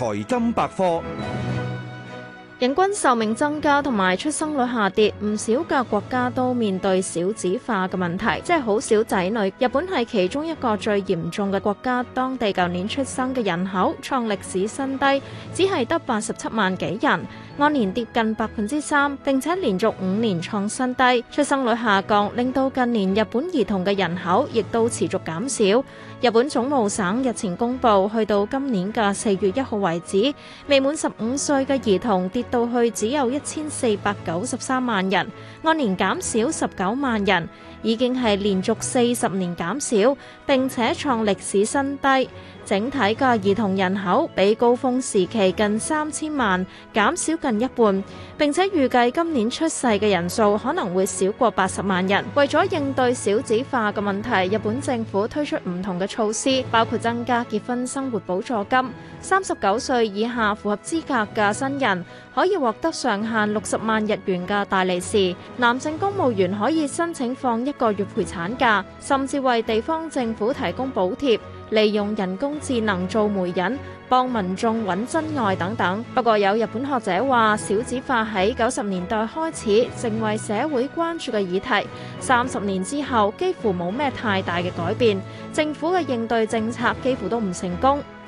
財經百科，人均壽命增加同埋出生率下跌，唔少嘅國家都面對少子化嘅問題，即係好少仔女。日本係其中一個最嚴重嘅國家，當地舊年出生嘅人口創歷史新低，只係得八十七萬幾人。按年跌近百分之三，並且連續五年創新低。出生率下降，令到近年日本兒童嘅人口亦都持續減少。日本總務省日前公布，去到今年嘅四月一號為止，未滿十五歲嘅兒童跌到去只有一千四百九十三萬人，按年減少十九萬人，已經係連續四十年減少，並且創歷史新低。整體嘅兒童人口比高峰時期近三千萬減少近一半，並且預計今年出世嘅人數可能會少過八十萬人。為咗應對少子化嘅問題，日本政府推出唔同嘅措施，包括增加結婚生活補助金，三十九歲以下符合資格嘅新人可以獲得上限六十萬日元嘅大利是；男性公務員可以申請放一個月陪產假，甚至為地方政府提供補貼。利用人工智能做媒人，幫民眾揾真愛等等。不過有日本學者話，少子化喺九十年代開始成為社會關注嘅議題，三十年之後幾乎冇咩太大嘅改變，政府嘅應對政策幾乎都唔成功。